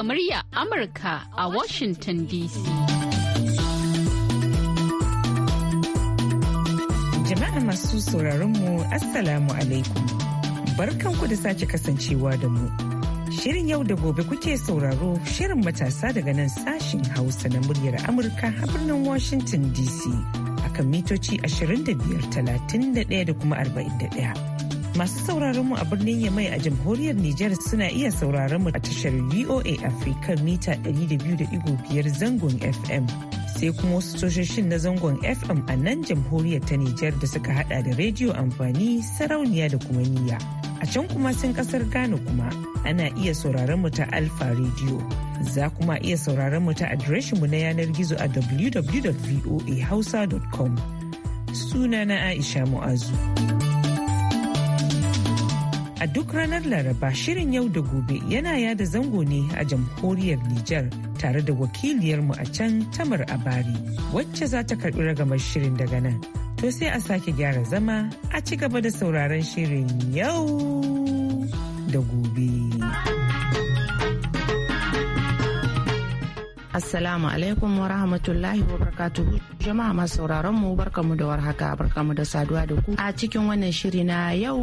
daga murya Amurka a Washington DC. Jama'a masu sauraronmu Assalamu alaikum. Barkanku da sake kasancewa da mu. Shirin yau da gobe kuke sauraro shirin matasa daga nan sashin Hausa na muryar Amurka a birnin Washington DC. akan mitoci 25, 31 da kuma 41. Masu sauraron mu a birnin Yamai a jamhuriyar Nijar suna iya sauraron mu a tashar VOA Africa mita 200.5 zangon FM. Sai kuma wasu tashoshin na zangon FM a nan jamhuriyar ta Nijar da suka hada da rediyo amfani sarauniya da kuma niyya. A can kuma sun kasar Ghana kuma ana iya sauraron mu ta Alfa rediyo Za kuma iya sauraron mu ta adireshin mu na yanar gizo a www.voahausa.com. Sunana Aisha Mu'azu. a duk ranar laraba shirin yau da gobe yana yada zango ne a jamhuriyar Nijar tare da wakiliyarmu a can tamar abari wacce za ta karbi ragamar shirin daga nan to sai a sake gyara zama a ci gaba da sauraron shirin yau da gobe. Assalamu alaikum wa rahmatullahi wa barakatu. Jama'a masu sauraron mu barkamu da warhaka barkamu da saduwa da ku a cikin wannan shiri na yau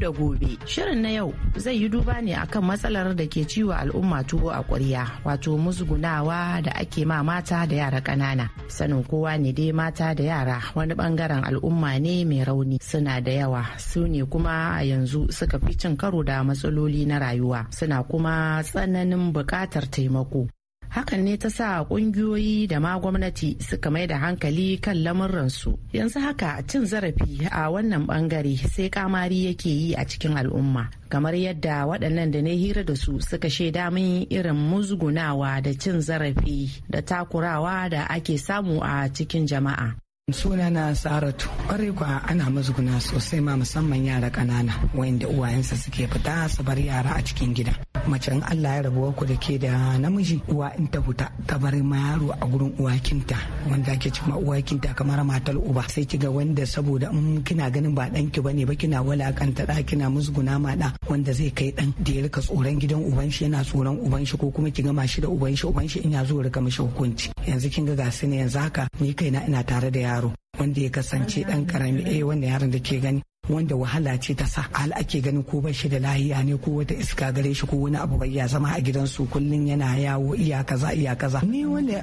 da gobe. Shirin na yau zai yi duba ne akan matsalar da ke ciwo al'umma tuwo a ƙuriya wato musgunawa da ake ma mata da yara ƙanana. Sanin kowa ne dai mata da yara wani bangaren al'umma ne mai rauni suna da yawa su ne kuma a yanzu suka fi cin karo da matsaloli na rayuwa suna kuma tsananin buƙatar taimako. hakan ne ta sa kungiyoyi da ma gwamnati suka mai da hankali kan lamuransu yanzu haka cin zarafi a wannan bangare sai kamari yake yi a cikin al'umma kamar yadda waɗannan da na hira da su suka shaida min irin musgunawa da cin zarafi da takurawa da ake samu a cikin jama'a suna na saratu kwarai kwa ana mazuguna sosai ma musamman yara kanana wayanda uwayensa suke fita su bar yara a cikin gida mace in Allah ya rabuwa ku da ke da namiji uwa in ta huta ta bar ma yaro a gurin uwakinta wanda ake cewa uwakinta kamar matar uba sai kiga wanda saboda in kina ganin ba danki bane ba kina walakanta da kina musguna ma da wanda zai kai dan da ya rika tsoron gidan uban shi yana tsoron uban shi ko kuma ki gama shi da uban shi uban shi in ya zo rika mashi hukunci yanzu kin ga gasu ne yanzu haka ni kaina ina tare da yaro wanda ya kasance dan karami eh wanda yaron da ke gani wanda wahala ce ta sa hal ake ganin ko ba shi da lahiya ne ko wata iska gare shi ko wani abu bai ya zama a gidansu kullum yana yawo iya kaza iya kaza ni wanda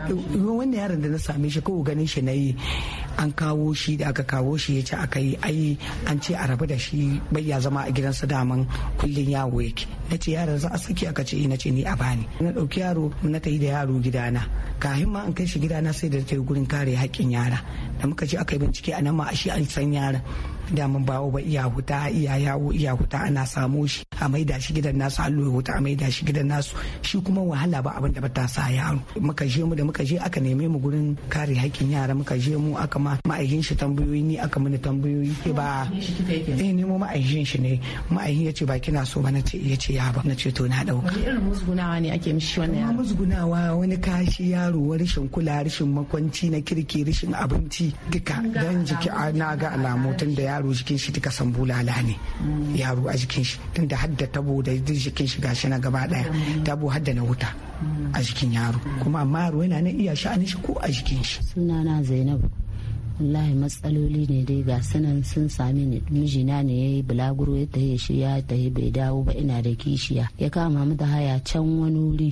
yaron da na same shi ko ganin shi na yi an kawo shi da aka kawo shi ya ce aka yi ai an ce a rabu da shi bai ya zama a gidansa daman kullum yawo yake na ce yaron za a saki aka ce eh, na ce ni a bani na dauki yaro na ta yi da yaro gidana kafin ma an kai shi gidana sai da ta yi gurin kare haƙƙin yara da muka ce aka yi bincike a nan ma a shi an san yaran da mun bawo ba iya huta iya yawo iya huta ana samo shi a maida shi gidan nasu allo ya huta a maida shi gidan nasu shi kuma wahala ba abin da ba ta sa yaro muka je mu da muka je aka neme mu gurin kare haƙƙin yara muka je mu aka ma ma'aikin shi tambayoyi ni aka mini tambayoyi ba eh nemo ma'aikin shi ne ma'aikin ya ce ba kina so ba na ce ya ce ya ba na ce to na dauka irin musgunawa ne ake mishi wannan yaro musgunawa wani kashi yaro rashin kula rashin makwanci na kirki rashin abinci duka dan jiki na ga alamu tun da yaro jikin shi duka san bulala ne yaro a jikin shi tunda hadda tabo da jikin shi gashi na gaba daya tabo hadda na wuta a jikin yaro kuma amma yaro yana na iya sha'anin shi ko a jikin shi sunana zainab wallahi matsaloli ne dai ga sanan sun sami ni mijina ne ya yi bulaguro ya tahi shi ya bai dawo ba ina da kishiya ya kama mata haya can wani wuri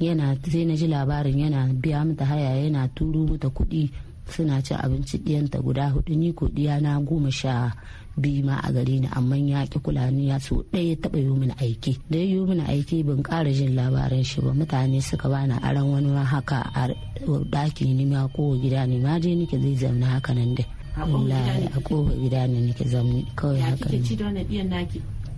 yana sai na ji labarin yana biya mata haya yana turo mata kuɗi suna cin abinci ɗiyanta guda hudu ni ko na goma sha biyu ma a gari ni amma ya ki kula ni ya so ɗaya ya taɓa yi mini aiki da ya yi mini aiki ban ƙara jin labaran shi ba mutane suka bani aran wani ma haka a ɗaki ni ma ko gida ni ma je nike zai zamna haka nan dai wallahi a ƙofar gida ne nike zamni kawai haka ne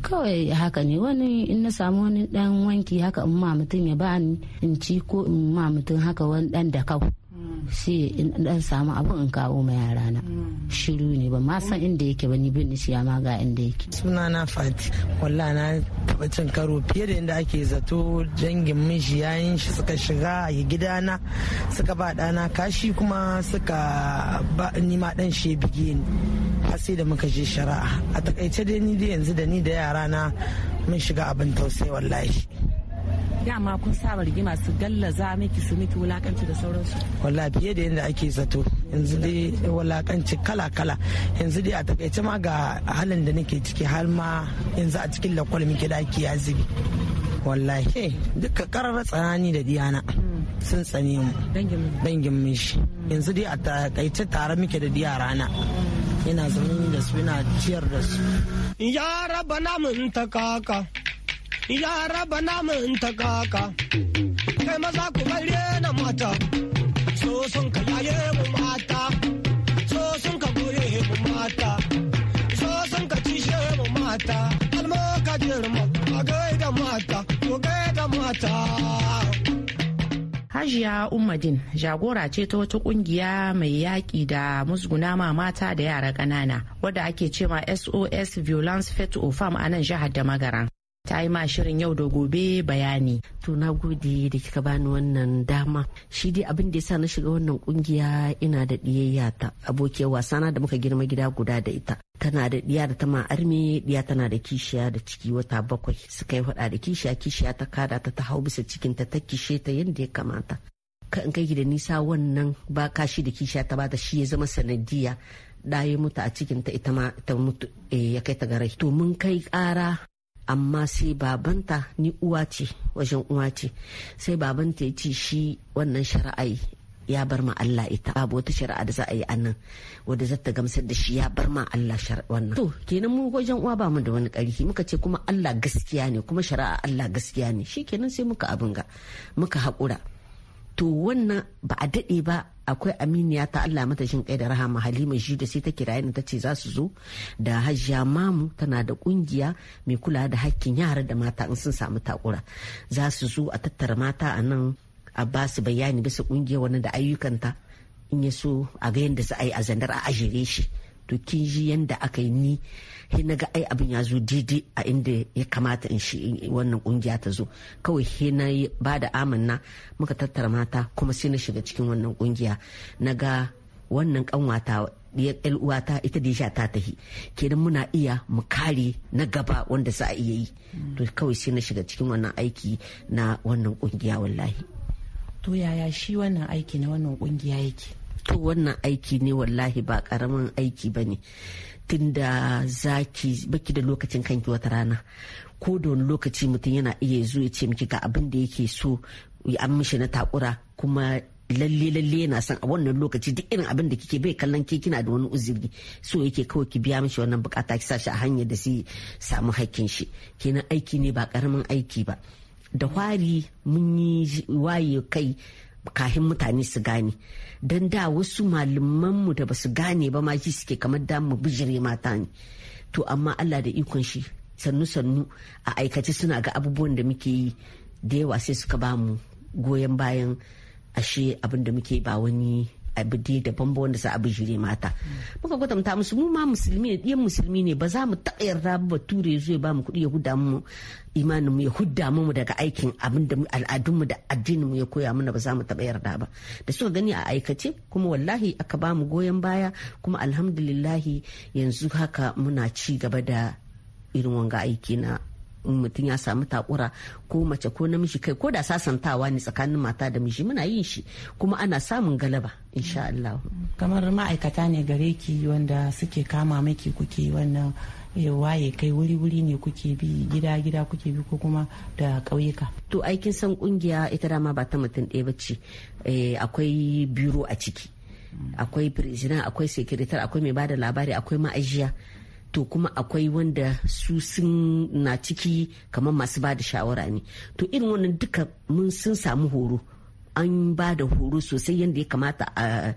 kawai haka ne wani in na samu wani dan wanki haka in ma mutum ya bani in ci ko in ma mutum haka wani dan da kawai sai in dan samu abin in kawo ma yara na shiru ne ba ma san inda yake ba ni bin shi ma ga inda yake suna na fati walla na taba cin karo fiye da inda ake zato dangin miji yayin shi suka shiga a gidana suka ba dana kashi kuma suka ba ni ma dan shi bige ni har sai da muka je shari'a a takaice dai ni dai yanzu da ni da yara na mun shiga abin tausayi wallahi dama kun saba rigima su gallaza miki su miki wulakanci da sauransu wallahi fiye da yadda ake zato yanzu dai wulakanci kala kala yanzu dai a takaice ma ga halin da nake ciki har ma yanzu a cikin lakwal miki da ake yazibi wallahi duka karar tsanani da diyana sun tsane mu dangin mishi yanzu dai a takaice tare muke da diya rana yana zaune da su yana ciyar da su ya raba mun ta kaka ya raba namun ta kaka kai maza ku bare na mata so sun ka yaye mu mata so sun ka gure mu mata so sun ka cishe mu mata almo ka a gaida mata mata Hajiya Ummadin jagora ce ta wata kungiya mai yaƙi da musguna ma mata da yara ƙanana wadda ake cewa SOS Violence of Ofam a nan jihar da magaran. ta yi ma shirin yau da gobe bayani to na gode da kika bani wannan dama shi dai abin da yasa na shiga wannan kungiya ina da diyayya ta abokiyar wasana da muka girma gida guda da ita tana da diya da tama arme diya tana da kishiya da ciki wata bakwai suka yi hada da kishiya kishiya ta kada ta ta hau bisa cikin ta ta kishe ta yadda ya kamata ka in kai da nisa wannan ba kashi da kishiya ta bata shi ya zama sanadiya da ya mutu a cikin ta ita ma ta mutu eh, ya kai ta garai to mun kai kara amma sai babanta ni uwa ce wajen uwa ce sai babanta ya ce shi wannan shari'a ya bar ma Allah ita babu wata shari'a da za a yi anan wadda za ta gamsar da shi ya bar ma Allah wannan to kenan mu wajen uwa ba mu da wani ƙarfi muka ce kuma Allah gaskiya ne kuma shari'a Allah gaskiya ne shi kenan sai muka abin muka haƙura to wannan ba a daɗe ba akwai aminiya ta Allah mata shin kai da rahama Halima shi da sai ta kira ni ta ce za su zo da hajjia Mamu tana da kungiya mai kula da hakkin yara da mata in sun samu takura za su zo a tattara mata a nan a ba su bayani bisa kungiya wani da ayyukanta in ya so a ga yadda za a yi a zandar a ajire shi to kin ji yanda aka yi ni he na ga ai abin ya zo daidai a inda ya kamata in shi wannan kungiya ta zo kawai he na ba da amanna muka tattara mata kuma sai na shiga cikin wannan kungiya na ga wannan kanwata uwata ita da ta tahi kenan muna iya mu kare na gaba wanda za a iya yi mm. to kawai sai na shiga cikin wannan aiki na wannan kungiya wallahi to yaya shi wannan aiki na wannan kungiya yake to wannan aiki ne wallahi ba karamin aiki ba ne tunda zaki baki da lokacin kanki wata rana ko da wani lokaci mutum yana iya zo ya ce miki ga abin da yake so an mishi na takura kuma lalle lalle yana son a wannan lokaci duk irin abin da kike bai kallon ke kina da wani uzuri so yake kawai ki biya mishi wannan bukata ki sashi a hanyar da zai samu hakkin shi kenan aiki ne ba karamin aiki ba da hwari mun yi waye kai kahin mutane su gane don da wasu mu da ba su gane ba ma suke kamar da mu bijire mata ne to amma allah da ikon shi sannu sannu a aikace suna ga abubuwan da muke yi da yawa sai suka ba mu goyon bayan ashe abin da muke ba wani abu dai daban ba wanda za a bijire mata muka kwatanta musu mu ma musulmi ne ɗiyan musulmi ne ba za mu taɓa yarda ba ture zuwa ba mu kuɗi ya huda mu imanin mu ya hudda mu daga aikin abin da al'adun mu da addinin mu ya koya mana ba za mu taɓa yarda ba da suka gani a aikace kuma wallahi aka ba mu goyon baya kuma alhamdulillahi yanzu haka muna ci gaba da irin wanga aiki na in mutum ya samu takura ko mace ko namiji kai ko da sasantawa ne tsakanin mata da miji muna yin shi kuma ana samun galaba insha Allah kamar ma'aikata ne gare ki wanda suke kama maki kuke wannan eh, waye kai wuri-wuri ne kuke bi gida-gida kuke bi ko kuma da ƙauyuka. To aikin san kungiya ita dama ba ta mutum ɗaya ba ce eh, akwai biro a ciki. Akwai president akwai sekretar akwai mai bada labari akwai ma'ajiya to kuma akwai wanda su sun na ciki kamar masu ba da shawara ne to irin wannan duka mun sun samu horo an ba da horo sosai yadda ya kamata a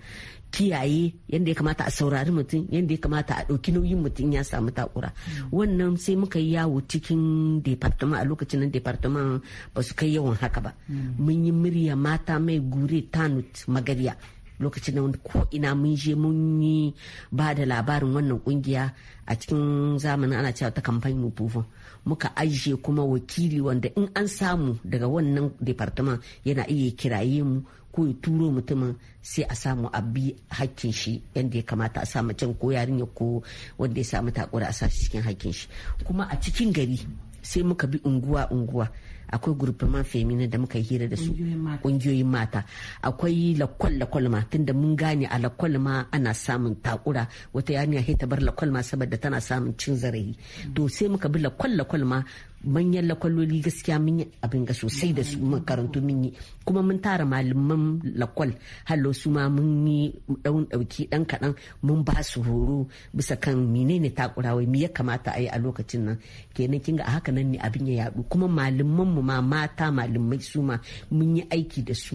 kiyaye yadda ya kamata a saurari mutum yadda ya kamata a ɗauki nauyin mutum ya samu takura wannan sai muka yi yawo cikin departement a lokacin nan departement ba su kai yawan haka ba mm. mun yi murya mata mai gure tanut magarya lokacin da wani ko ina mun je mun yi ba da labarin wannan kungiya a cikin zamanin ana cewa ta kamfanin bufon muka ajiye kuma wakili wanda in an samu daga wannan departament yana iya kiraye mu ko ya turo mutumin sai a samu a bi hakkin shi yadda ya kamata a samu can ko yarinya ko wanda ya samu takura a sa cikin hakkin shi kuma a cikin gari sai muka bi unguwa unguwa akwai gurfaman femina da muka hira da su ƙungiyoyin mata akwai lakwal lakwal ma tunda mun gane a lakwal ma ana samun takura wata yarinya sai ta bar lakwal ma saboda tana samun cin zarafi to sai muka bi lakwal lakwal ma manyan lakwaloli gaskiya mun yi abin ga sosai da su makarantu mun yi kuma mun tara malaman lakwal hallo su ma mun yi daun dauki dan kaɗan mun ba su horo bisa kan menene takurawa me ya kamata a yi a lokacin nan kenan kinga a haka nan ne abin ya yaɗu kuma malaman mu ma mata malamai su ma mun yi aiki da su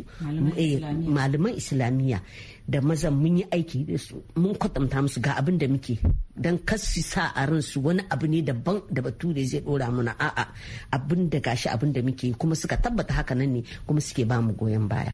malaman eh, islamiyya da mazan mun yi aiki da su mun kwatanta musu ga abin da muke don kasu sa a ransu wani abu ne daban da bature zai dora muna a'a abin da gashi abin da muke kuma suka tabbata haka nan ne kuma suke ba mu goyon baya.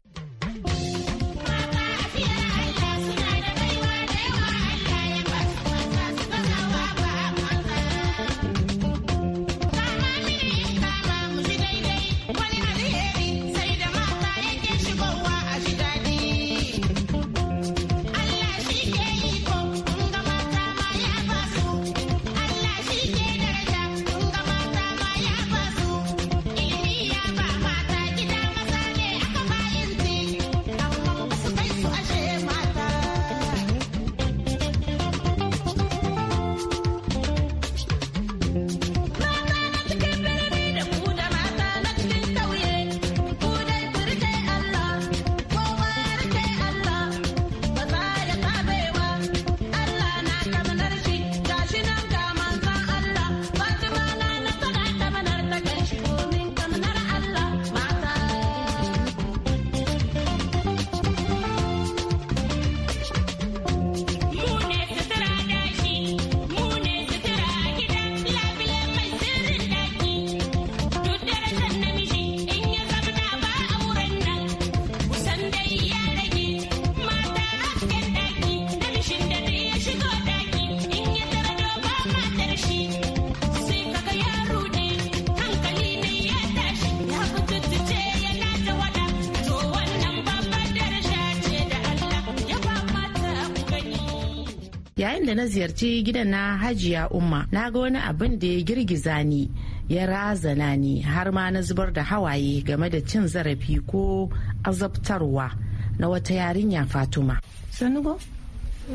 na ziyarci gidan na hajiya umma na ga wani abin da ya girgiza ni ya razana ni har ma na zubar da hawaye game da cin zarafi ko azabtarwa na wata yarinya fatuma sanugo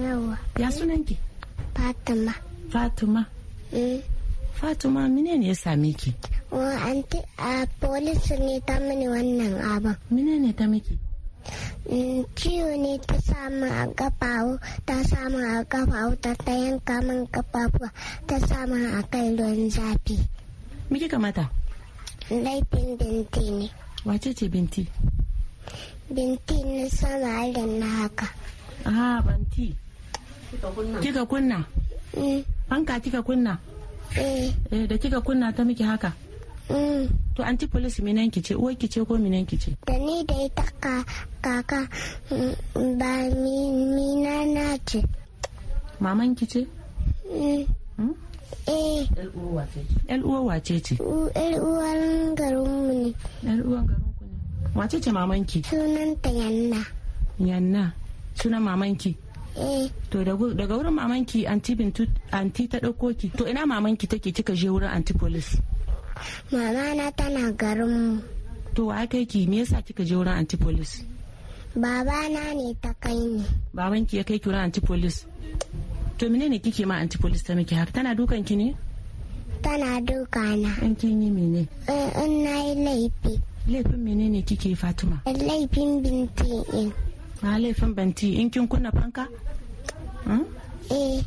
yawa ya sunanki fatima fatima eh fatima mine ne ya same ki wa anti a police ne ta mini wannan abin mine ne ta miki ciwo mm, ne ta samu a gafawo ta samu a gafawo ta ta yanka min gafafuwa ta samu a kai ruwan zafi me kika laifin binti ne wace ce binti binti na sama da na haka ah banti kika kunna mm. fanka kika kunna eh. eh da kika kunna ta miki haka Mm. To anti polis minan ki ce uwar ki ce ko minan ki ce? Da ni da ita kaka mm, ba mina na ce. Maman ki ce? Mm. Hmm? Eh. Yar uwar wace ce? uwa uwar garinmu ne. Yar uwar garinku ne. Wace ce maman ki? ta Yanna. Yanna. Sunan maman ki? Eh. To daga wurin mamanki anti bintu anti ta dauko ki. To ina mamanki take kika je wurin anti police? mama na tana garin mu to ai kai ki me yasa kika je wurin antipolis baba na ne ta kai ni baban ki ya kai ki wurin antipolis to menene kike ma antipolis ta miki haka tana dukan ki ne tana duka na an kin yi mene eh, in na yi laifi laifin menene kike fatima laifin binti in A ah, laifin banti in kin kunna fanka hmm? eh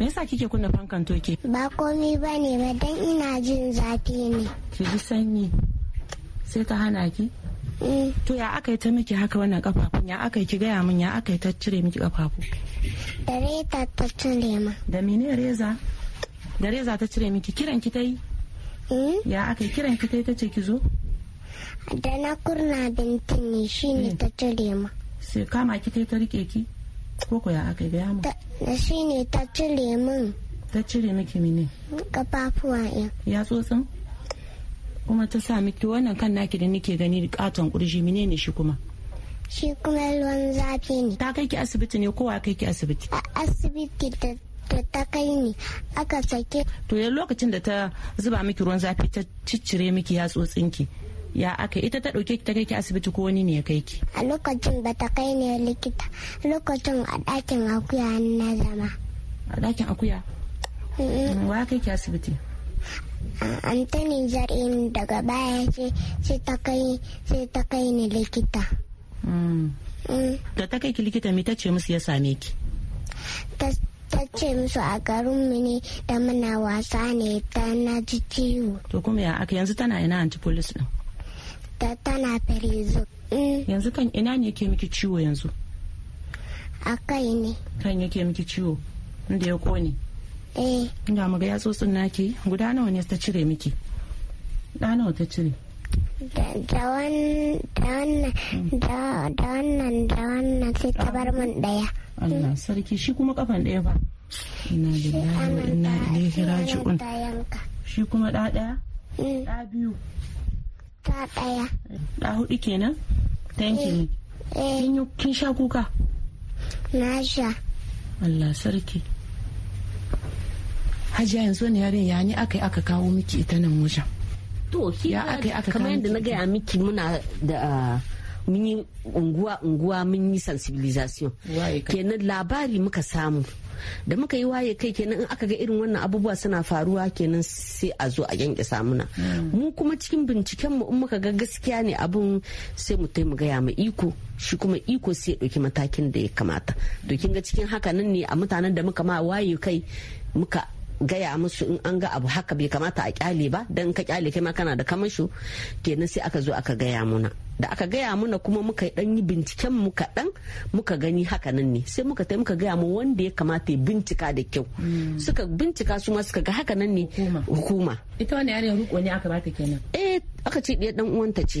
Me yasa kike kunna fankan toke? Ba komai bane ba dan ina jin zafi ne. Ki ji sanyi. Sai ta hana ki? Eh. To ya aka yi ta miki haka wannan kafafun ya aka yi ki gaya min ya aka yi ta cire miki kafafu. Da reza ta cire ma. Da mene reza? Da reza ta cire miki kiran ki ta yi? Eh? Ya aka yi kiran ki ta yi ta ce ki zo? Da na kurna bintin ne shine eh. ta cire ma. Sai kama ki ta yi ta rike ki? ko ko ya aka gaya mu da shi ne ta cire min ta cire miki mini? kafafuwa ya ya tsotsin kuma ta sa miki wannan kan naki da nake gani katon kurji mine ne shi kuma shi kuma ruwan zafi ne ta kai ki asibiti ne kowa kai ki asibiti a asibiti da ta kai ne aka sake to ya lokacin da ta zuba miki ruwan zafi ta ciccire miki ya tsotsinki ya aka ita ta ɗauke ki ta kai ki asibiti ko wani ne ya kai ki a lokacin ba ta kai ne likita lokacin a ɗakin akuya na zama a ɗakin akuya wa kai ki asibiti antani zar'in daga baya ce sai ta kai sai ta kai ni likita mm. Mm. da ta kai ki likita me ta ce musu ya same ki ta ce musu a garin ne da muna wasa ne ta na ji ciwo to kuma ya aka yanzu tana ina anti polis din ta tana firizo. Mm. Yanzu kan ina ne yake miki ciwo yanzu? A kai ne. Kan yake miki ciwo inda ya kone? Eh. Ga maga yatsotsin naki guda nawa ne ta cire miki? Da nawa ta cire? da wannan da wannan sai ta bar min daya Allah sarki shi kuma kafan daya ba ina lillahi wa ina da raji'un shi kuma da daya da mm. biyu wata daya. A hudu kenan? thank you. Eh, eh. Kin sha kuka? Na sha. Allah sarki. Hajiya yanzu ne yarin ya ni aka aka kawo miki ita nan wajen. To, ya aka aka kamar yadda na gaya miki muna da ah, mun yi unguwa unguwa mun yi sensibilization. Kenan labari muka samu. da muka yi waye kai kenan in aka ga irin wannan abubuwa suna faruwa kenan sai a zo a yanke samuna mm. mu kuma cikin binciken mu in muka ga gaskiya ne abun sai mu mu gaya ma iko shi kuma iko sai ya matakin da ya kamata to kin ga cikin haka nan ne a mutanen da muka ma waye kai muka gaya musu in an ga abu haka bai kamata a kyale ba dan ka kyale kai ma kana da kamasho kenan sai aka zo aka gaya muna da aka gaya mana kuma muka dan yi binciken mu kaɗan muka gani hakanan ne sai muka tai muka gaya mu wanda ya kamata ya bincika da kyau hmm. suka bincika su ma suka ga hakanan ne hukuma ita wani yarinyar ruko ne aka bata kenan eh aka ce ɗaya dan uwanta ce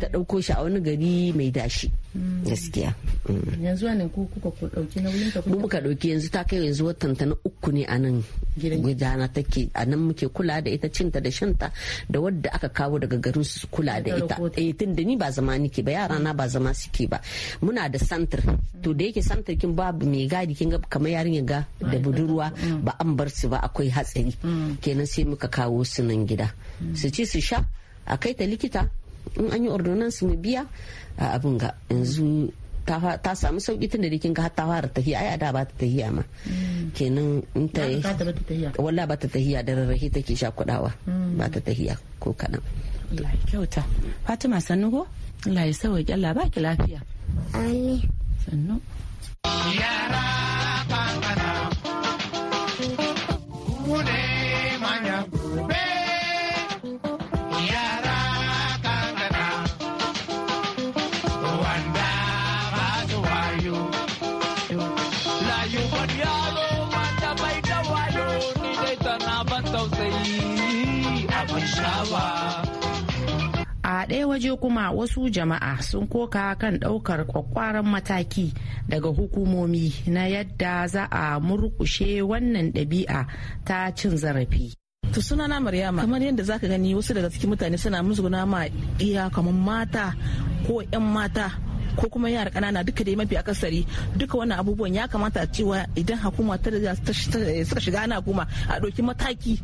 ta ɗauko shi a wani gari mai dashi hmm. gaskiya hmm. yanzu wannan ku kuka ku ɗauki nauyin ta ku muka ɗauki yanzu ta kai yanzu watan ta na uku ne a nan gidana take a nan muke kula da ita cinta da shanta da wadda aka kawo daga garin su kula da ita eh tun da ni ba zama niki ba yara na ba zama suke ba muna da santir to da yake santir kin ba mai gadi kin ga kamar yarinya ga da budurwa ba an bar su ba akwai hatsari kenan sai muka kawo su nan gida su ci su sha a kai ta likita in an yi ordonansu mu biya a abin ga yanzu ta samu sauki tun da dikin ga ta fara tahiya ai da ba ta tahiya ma kenan in ta walla ba ta tahiya da rarrahi take sha kudawa hmm. ba ta tahiya ko kadan kyauta fatima sanugo Allah ya sauwaƙi Allah ba ki lafiya. Amin. Sannu. Yara ƙanƙana. a ɗaya waje kuma wasu jama'a sun koka kan ɗaukar kwakwaran mataki daga hukumomi na yadda za a murkushe wannan ɗabi'a ta cin zarafi to suna na maryama kamar yadda zaka gani wasu daga cikin mutane suna musguna ma iya kamar mata ko 'yan mata ko kuma yara ƙanana duka dai mafi akasari duka wannan abubuwan ya kamata cewa idan hukuma ta eh, suka shiga ana kuma a ɗauki mataki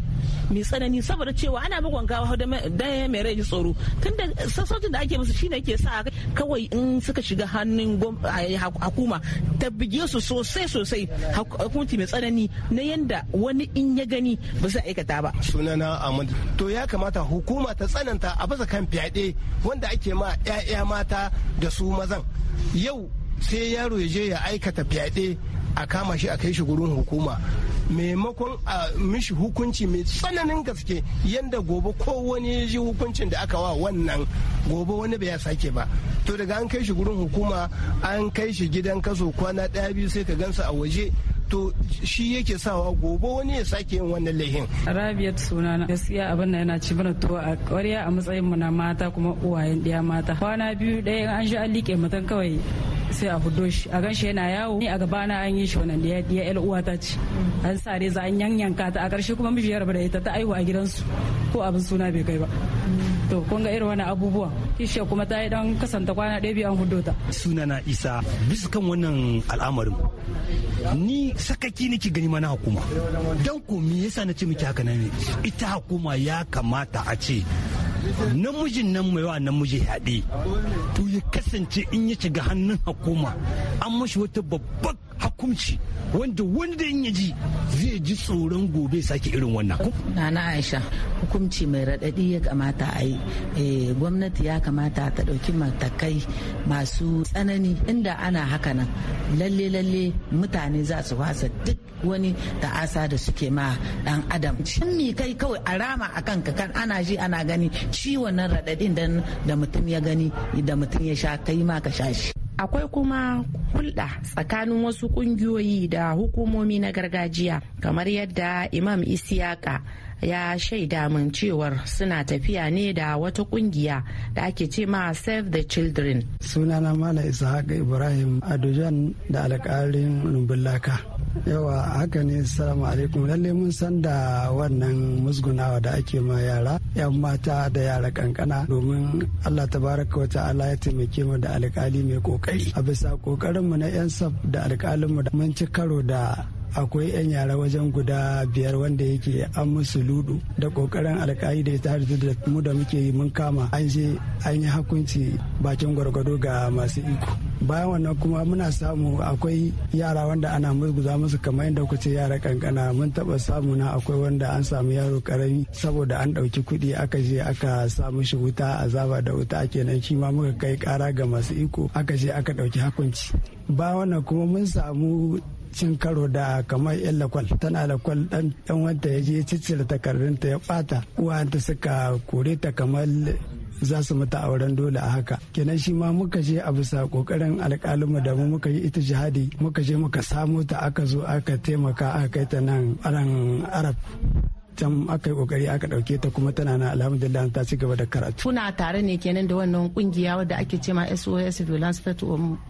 mai tsanani saboda cewa ana bugon gawa da mai rai tsoro tunda sassaucin da ake musu shine ke sa kawai in suka shiga hannun hukuma ta bige su sosai sosai hukunci mai tsanani na yanda wani in ya gani ba zai aikata ba sunana Ahmad to ya kamata hukuma ta tsananta a bisa kan fyaɗe wanda ake ma 'ya'ya mata da su mazan nan yau sai yaro ya je ya aikata fyaɗe a kama shi a kai shi gurin hukuma maimakon a mishi hukunci mai tsananin gaske yadda gobe ko wani ya ji hukuncin da aka wa wannan gobe wani bai ya sake ba to daga an kai shi gurin hukuma an kai shi gidan kaso kwana ɗaya biyu sai ka gansa a waje to shi yake sawa gobe wani ya sake yin wannan laihin rabiat sunana gaskiya abin na yana ci bana tuwa a ƙwarya a matsayin mu na mata kuma uwayen ɗaya mata kwana biyu ɗaya an sha an liƙe mutum kawai sai a hudu shi a gan shi yana yawo ni a gabana an yi shi wannan da ya yar uwa ta ce an sa za an yanyanka ta a ƙarshe kuma mijiyar da ita ta aihu a gidansu ko abin suna bai kai ba to kun ga irin wani abubuwan kishiya kuma ta yi dan kasanta kwana ɗaya biyu an hudu ta suna na isa bisa kan wannan al'amarin ni sakaki nake gani mana hukuma dan ko me yasa na ce miki haka ne ita hukuma ya kamata a ce namijin nan mai wa namiji haɗe to ya kasance in ya shiga hannun hukuma an mashi wata babbar hakunci wanda wanda in ya ji zai ji tsoron gobe sake irin wannan nana aisha hukunci mai raɗaɗi ya kamata a yi eh, gwamnati ya kamata ta ɗauki matakai masu tsanani inda ana haka nan lalle lalle mutane za su wasa duk wani ta'asa da suke ma dan adam shin mi kai kawai a rama a kanka kan ana ji ana gani ciwon nan raɗaɗin da mutum ya gani da mutum ya sha kai ma ka sha shi akwai kuma hulɗa tsakanin wasu ƙungiyoyi da hukumomi na gargajiya kamar yadda imam isiyaka ya shaida min cewar suna tafiya ne da wata kungiya da ake ce ma save the children sunana mala haka ibrahim adujan da alƙalin laka yawa haka ne salamu alaikum lalle mun san da wannan musgunawa da ake ma yara yan mata da yara kankana domin allah tabaraka wa ta'ala ya taimake mu da alkali mai kokari a bisa kokarin mu na yan sab da alkalinmu da mun ci karo da akwai 'yan yara wajen guda biyar wanda yake an musu ludu da kokarin alkali da ta da mu da muke yi mun kama an je an yi hakunci bakin gwargwado ga masu iko bayan wannan kuma muna samu akwai yara wanda ana musguza musu kamar yadda kuce yara kankana mun taba samu na akwai wanda an samu yaro karami saboda an dauki kuɗi aka je aka sa mishi wuta azaba da wuta kenan shi ma muka kai kara ga masu iko aka je aka dauki hakunci ba wannan kuma mun samu cin karo da kamar yan lakwal tana lakwal dan dan wanda ya je ciccire takardunta ya bata uwanta suka kore ta kamar za su mata auren dole a haka kenan shi ma muka je a bisa kokarin alƙalinmu da mu muka yi ita jihadi muka je muka samo ta aka zo aka taimaka aka kai ta nan aran arab can aka yi kokari aka dauke ta kuma tana na alhamdulillah ta ci gaba da karatu kuna tare ne kenan da wannan kungiya wadda ake ce ma SOS Violence Pet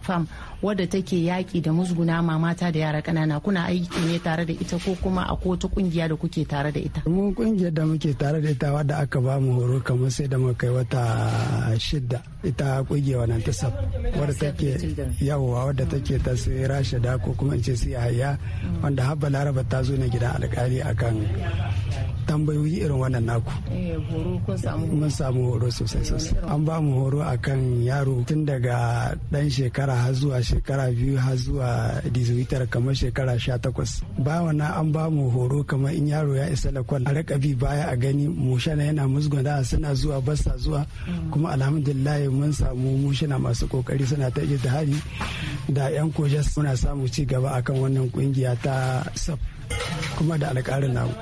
Farm wadda take yaki da musguna ma mata da yara kanana kuna aiki ne tare da ita ko kuma a wata kungiya da kuke tare da ita mu kungiyar da muke tare da ita wadda aka ba mu horo kamar sai da muka kai wata shidda ita kungiya wannan ta sab wadda take yawa wadda take ta sai rashida ko kuma in ce sai wanda habba laraba ta zo na gidan alkali akan tambayoyi irin wannan naku eh, mun samu horo sosai eh, sosai an ba mu horo akan yaro tun daga ɗan shekara har zuwa shekara biyu har zuwa dizuitar kamar shekara sha takwas ba an ba mu horo kamar in yaro ya isa da lakwal a rakabi baya a gani mushana yana musguna suna zuwa basa zuwa mm. kuma alhamdulillah mun samu mushana masu kokari suna ta da hari da yan kojas muna samu ci gaba akan wannan kungiya ta sab kuma da alƙarin namu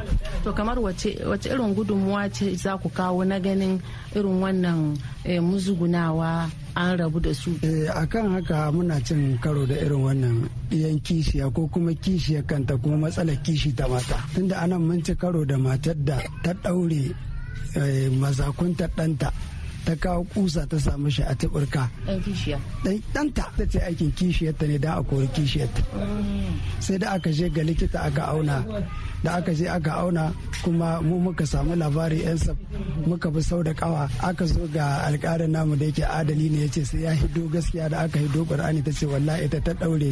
to kamar wace irin gudunmuwa ce za ku kawo na ganin irin wannan eh, muzugunawa an rabu da su eh, a kan haka muna cin karo da irin wannan ɗiyan kishiya ko kuma kishiya kanta kuma matsalar kishi ta mata tunda anan mun ci karo da matar da ta ɗaure eh, mazakunta ɗanta ta kawo kusa ta sa shi a taɓurka ɗanta ta ce aikin kishiyarta ne da a kori kishiyarta sai da aka je ga likita aka auna da aka je aka auna kuma mu muka samu labari yan muka bi sau da kawa aka zo ga alƙarin namu da yake adali ne yace sai ya hido gaskiya da aka hido qur'ani tace wallahi ita ta daure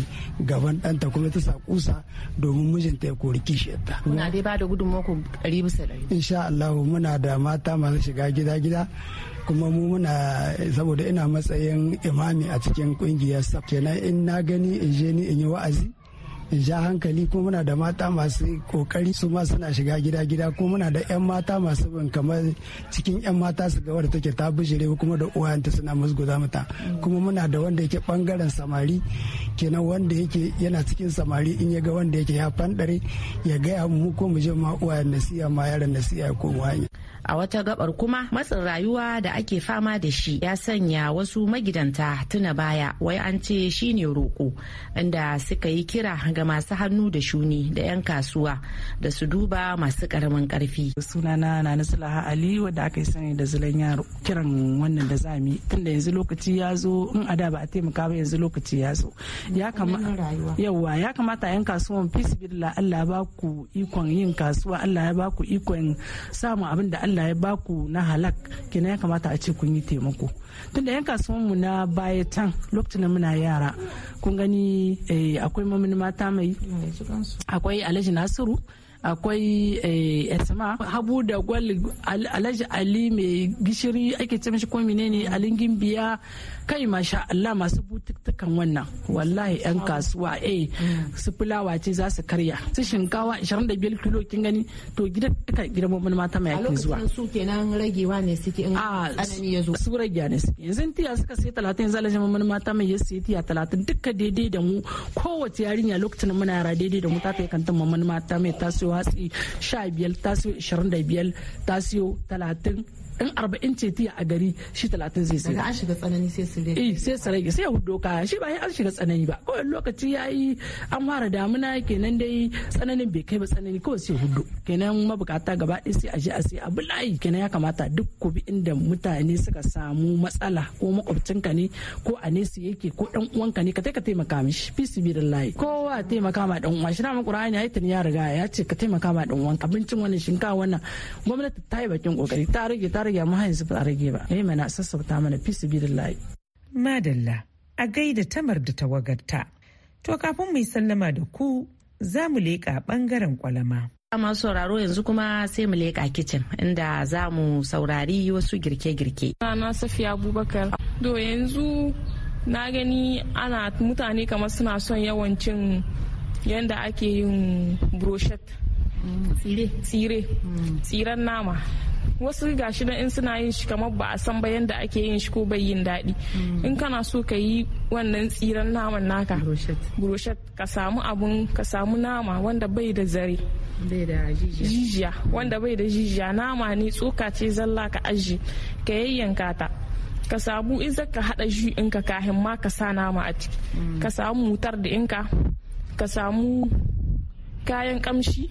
gaban ɗanta kuma ta sa kusa domin mijinta ya kori kishiyarta muna dai ba da gudunmuwa ku ɗari bisa insha Allah muna da mata masu shiga gida gida kuma mu muna saboda ina matsayin imami a cikin kungiyar sa kenan in na gani in je ni in yi wa'azi in ja hankali kuma muna da mata masu kokari su ma suna shiga gida gida kuma muna da yan mata masu bin kamar cikin yan mata su ga wadda take ta bijire kuma da uwayanta suna musguza mata kuma muna da wanda yake bangaren samari kenan wanda yake yana cikin samari in ya ga wanda yake ya fandare ya gaya mu ko mu je ma uwayen nasiya ma yaran nasiya ko wani a wata gabar kuma matsin rayuwa da ake fama da shi ya sanya wasu magidanta tuna baya wai an ce shine roƙo inda suka yi kira ga masu hannu da shuni da 'yan kasuwa da su duba masu karamin karfi sunana na nasila ali wadda aka yi sani da zilan yaro kiran wannan da za mu tunda yanzu lokaci ya zo in a da ba a taimaka ba yanzu lokaci ya zo yawwa ya kamata 'yan kasuwan fisbillah allah ba ku ikon yin kasuwa allah ya ba ku ikon samun abin da allah Allah ya baku na halak kina ya kamata a ce kun yi taimako tunda yan kasuwan mu na baya can lokacin da muna yara kun gani eh, akwai mamin mata mai akwai alhaji nasiru akwai eh, esma habu da gwal alhaji ali mai gishiri ake ce mishi ne menene alin gimbiya kai masha Allah masu bututtukan wannan wallahi yan kasuwa eh su fulawa ce za su karya su shinkawa 25 kilo kin gani to gidan mu ma ta mayakin zuwa. A lokacin su kenan ragewa ne suke in tsanani ya zo. Su ragewa ne suke. Yanzu tiya suka sai talatin yanzu alhaji mun mata mai yasi tiya talatin duka daidai da mu kowace yarinya lokacin muna yara daidai da mu ta kai kantin mun mata mai siyo hatsi sha biyar tasiyo ishirin da biyar siyo talatin in arba'in ce tiya a gari shi talatin zai sai an shiga tsanani sai su rage eh, sai su rage sai ya ka shi ba an shiga tsanani ba kawai lokaci ya yi an fara damuna kenan dai tsananin bai kai ba tsanani kawai sai hudu kenan mabukata gaba ɗaya sai a je a sai abu layi kenan ya kamata duk ku bi inda mutane suka samu matsala ko makwabcinka ne ko a nesa yake ko dan uwanka ne ka ka taimaka mishi fi su layi kowa taimaka ma dan uwa shi na makura qur'ani ayatin ya riga ya ce ka taimaka ma dan uwanka abincin wannan shinkawa wannan gwamnati ta yi bakin kokari ta rage ta rage amma yanzu ba a rage ba eh mana sassauta mana fi sabilillahi madalla a gaida tamar da tawagarta to kafin mu yi sallama da ku za mu leƙa ɓangaren kwalama masu sauraro yanzu kuma sai mu leƙa kicin inda za mu saurari wasu girke-girke. na Safiya Abubakar. Do yanzu na gani ana mutane kamar suna son yawan cin yanda ake yin brochet. Tsire. Tsire. Hmm. Tsiren nama. wasu gashi da in suna yin shi kamar ba a san bayan da ake yin shi ko bai yin daɗi mm. in kana so ka yi wannan tsiran naman naka brochet ka samu abun ka samu nama wanda bai da zare jijiya wanda bai da jijiya nama ne tsoka ce zalla ka aji ka yayyanka ta ka samu in ka haɗa shi ka kahin ma ka sa nama a ciki mm. ka samu mutar da inka ka samu kayan kamshi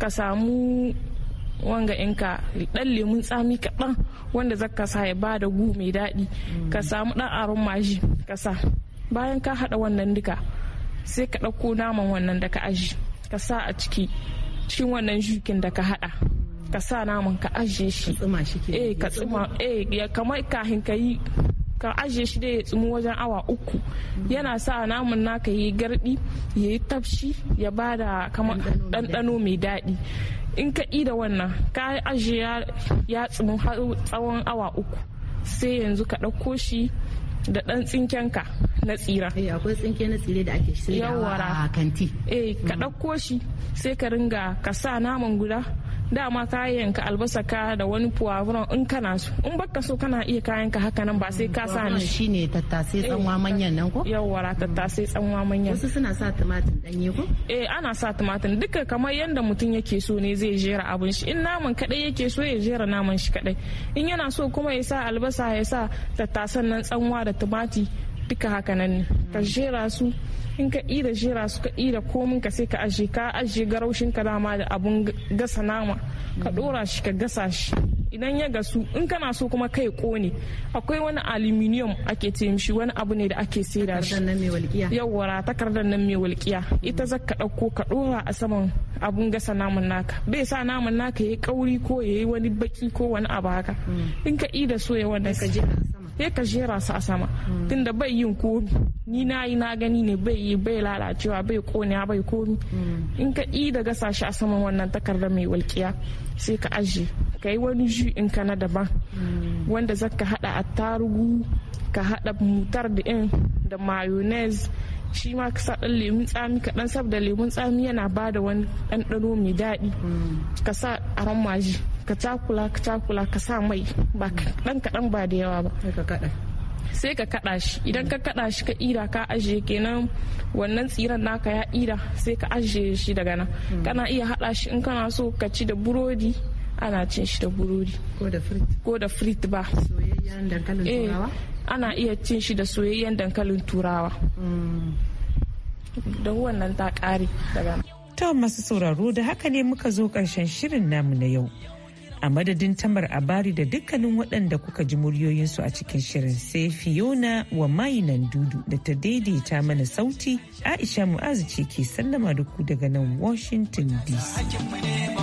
ka samu wanga ka dan lemun tsami kaɗan wanda zaka sa ya ba da gu mai daɗi ka samu ɗan aron maji ka sa bayan ka haɗa wannan duka sai ka ɗauko naman wannan da ka aji ka sa a ciki cikin wannan jukin da ka haɗa ka sa naman ka ajiye shi Ka shi eh ka tsuma eh kamar kahin ka yi ka ajiye shi da ya tsumu wajen awa uku yana sa namun naka yi garbi ya yi tafshi ya ba da kamar ɗanɗano mai daɗi in ka da wannan ka ajiye ya tsumu har tsawon awa uku sai yanzu ka ɗauko shi da ɗan tsinkenka na tsira eh akwai tsinke na tsire da ake shirya a kanti eh ka mm. ɗauko shi sai ka ringa ka sa naman guda dama kayan ka albasa ka da wani puwavuran in kana so in baka so kana iya kayan ka haka nan ba sai ka sa ne shine tattasai eh, tsanwa manyan nan ko yawwa tattasai tsanwa manyan wasu suna sa tumatir ɗanye ko eh ana sa tumatir duka kamar yadda mutum yake so ne zai jera abin shi in naman kadai yake so ya jera naman shi kadai in yana so kuma ya sa albasa ya sa tattasan nan tsanwa da tumati duka haka ne ka jera su in ka ira jera su ka ira komin ka sai ka aje ka aje garaushin ka dama da abun gasa nama ka dora shi ka gasa shi idan ya gasu in kana so kuma kai kone akwai wani aluminium ake ce wani abu ne da ake saida shi yawwa takardar nan mai walƙiya ita zaka ɗauko ka ɗora a saman abun gasa namun naka bai sa namun naka yayi kauri ko yayi wani baki ko wani abu haka mm. in ka ida so ya wannan sai ka jera su a sama tunda bai yin komi ni na yi na gani ne bai yi bai lalacewa bai konewa bai komi mm. in ka yi da gasa shi a saman wannan takardar mai walƙiya sai ka aje ka yi wani ju in ka na daban mm. wanda ka hada attarugu ka hada mutar da in da mayonnaise shi ma ka sa lemun tsami kaɗan saboda lemun tsami yana ba da wani ɗanɗano mai daɗi mm. ka sa aron maji ka cakula ka cakula ka sa mai ba kaɗan kaɗan ba da yawa ba sai ka kada shi idan ka kada shi ka ira ka ajiye kenan wannan tsiran naka ya ira sai ka ajiye shi daga nan hmm. kana iya hada shi in kana so ka ci da burodi ana cin shi da burodi ko da frit ba soyayyen dankalin eh, turawa ana iya cin shi da soyayyen dankalin turawa hmm. da wannan ta kare daga nan ta masu sauraro da haka ne muka zo karshen shirin namu na yau a madadin tamar a bari da dukkanin waɗanda kuka ji muryoyinsu a cikin shirin sai fiona wa mayinan dudu da ta daidaita mana sauti aisha mu'azu ce ke sallama da ku daga nan washington dc